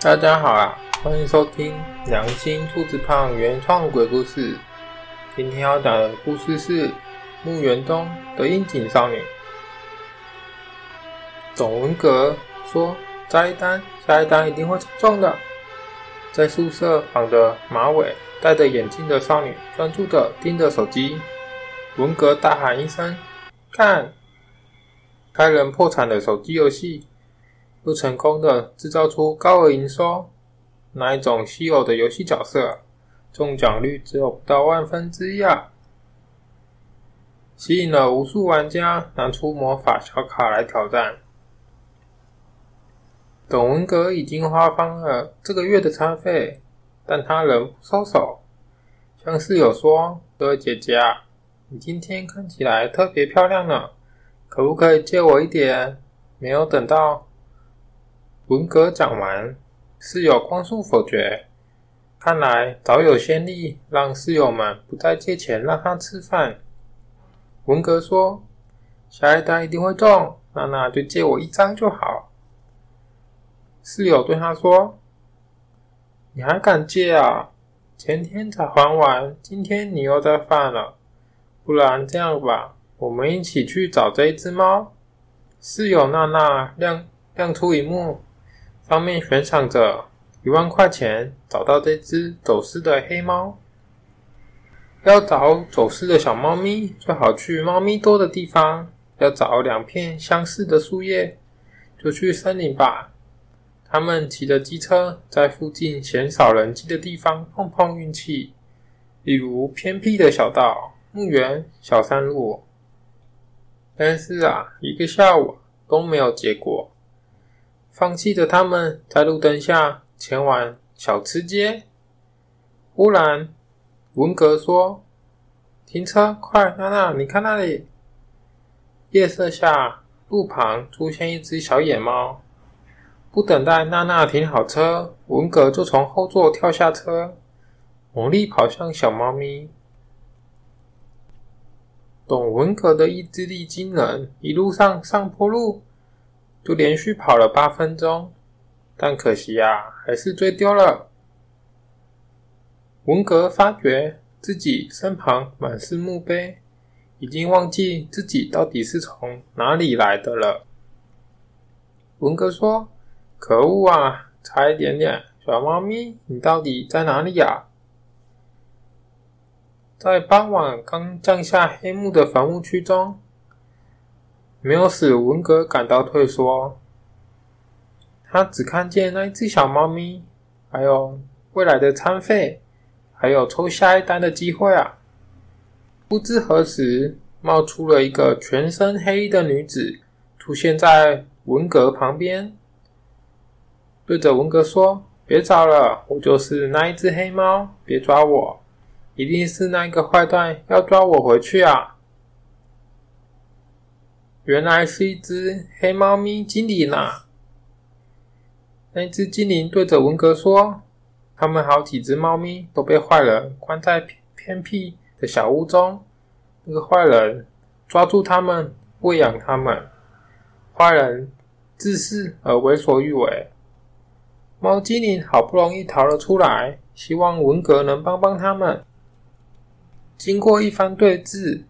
大家好啊，歡迎收聽《良心兔子胖》原創鬼故事。今天要講的故事是墓園中的陰警少女。總文革說：“再一單，下一單一定會中的。”在宿舍綁着馬尾、戴着眼鏡的少女，專注的盯着手機。文革大喊一聲：“看！該人破產的手機遊戲。”又成功的製造出高額營收，哪一種稀有的遊戲角色中獎率只有不到萬分之一啊！吸引了無數玩家拿出魔法小卡來挑戰。董文革已經花光了這個月的餐費，但他仍不收手，向室友說：“哥姐姐啊，你今天看起來特別漂亮呢，可不可以借我一點？”沒有等到。文革講完，室友光速否決。看來早有先例，讓室友們不再借錢讓他吃飯。文革說：“下一單一定會中，娜娜就借我一張就好。”室友對他說：“你還敢借啊？前天才還完，今天你又在犯了。不然這樣吧，我們一起去找這一只貓。”室友娜娜亮亮出一幕。上面懸賞着一萬塊錢，找到這只走失的黑貓。要找走失的小貓咪，最好去貓咪多的地方。要找兩片相似的樹葉，就去森林吧。他們騎着機車，在附近鮮少人跡的地方碰碰運氣，比如偏僻的小道、墓園、小山路。但是啊，一個下午都沒有結果。放棄的他們，在路燈下前往小吃街。忽然，文革說：“停車，快，娜娜，你看那裡！”夜色下，路旁出現一隻小野貓。不等待娜娜停好車，文革就從後座，跳下車，猛力跑向小貓咪。懂，文革的意志力驚人，一路上上坡路，就連續跑了八分鐘，但可惜呀、啊，還是追丟了。文革發覺自己身旁滿是墓碑，已經忘記自己到底是從哪裡來的了。文革說：“可惡啊，差一點點！小貓咪，你到底在哪裡呀、啊？”在傍晚剛降下黑幕的房屋區中。沒有使文革感到退縮，他只看見那隻小貓咪，還有未來的餐費，還有抽下一單的機會啊！不知何時，冒出了一個全身黑衣的女子，出現在文革旁邊，對着文革說：“別找了，我就是那一隻黑貓，別抓我！一定是那個壞蛋要抓我回去啊！”原來是一隻黑貓咪精靈娜啊。那隻精靈對着文格說：“他們好幾隻貓咪都被壞人關在偏僻的小屋中。那個壞人抓住他們，餵養他們。壞人自私而為所欲為。貓精靈好不容易逃了出來，希望文格能幫幫他們。”經過一番對峙，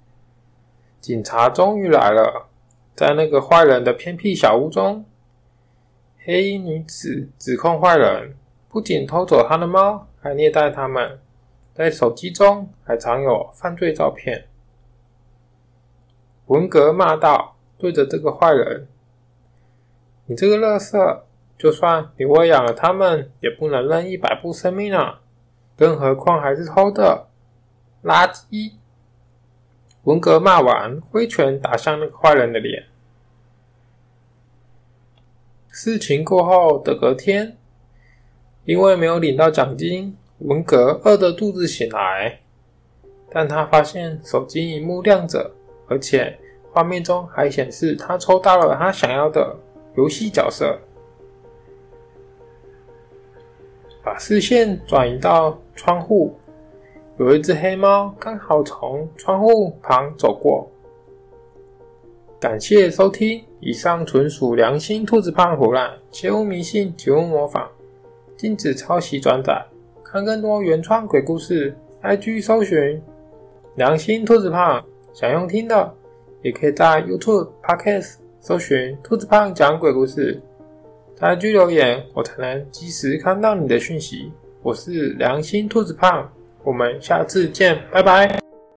警察終於來了。在那個壞人的偏僻小屋中，黑衣女子指控壞人不僅偷走他的貓，還虐待他們，在手機中還藏有犯罪照片。文革罵道：“對着這個壞人，你這個垃圾，就算你餵養了他們，也不能任意擺佈生命啊！更何況還是偷的垃圾。”文革罵完，揮拳打向那個壞人的臉。事情過後的隔天，因為沒有領到獎金，文革餓著肚子醒來，但他發現手機螢幕亮着，而且畫面中還顯示他抽到了他想要的遊戲角色。把視線轉移到窗戶。有一隻黑貓剛好從窗戶旁走過。感謝收聽，以上純屬良心兔子胖胡亂，切勿迷信，切勿模仿，禁止抄襲轉載。看更多原創鬼故事，IG 搜尋“良心兔子胖”，想用聽的，也可以在 YouTube、Podcast 搜尋“兔子胖講鬼故事”。在 IG 留言，我才能及時看到你的訊息。我是良心兔子胖。我們下次見，拜拜！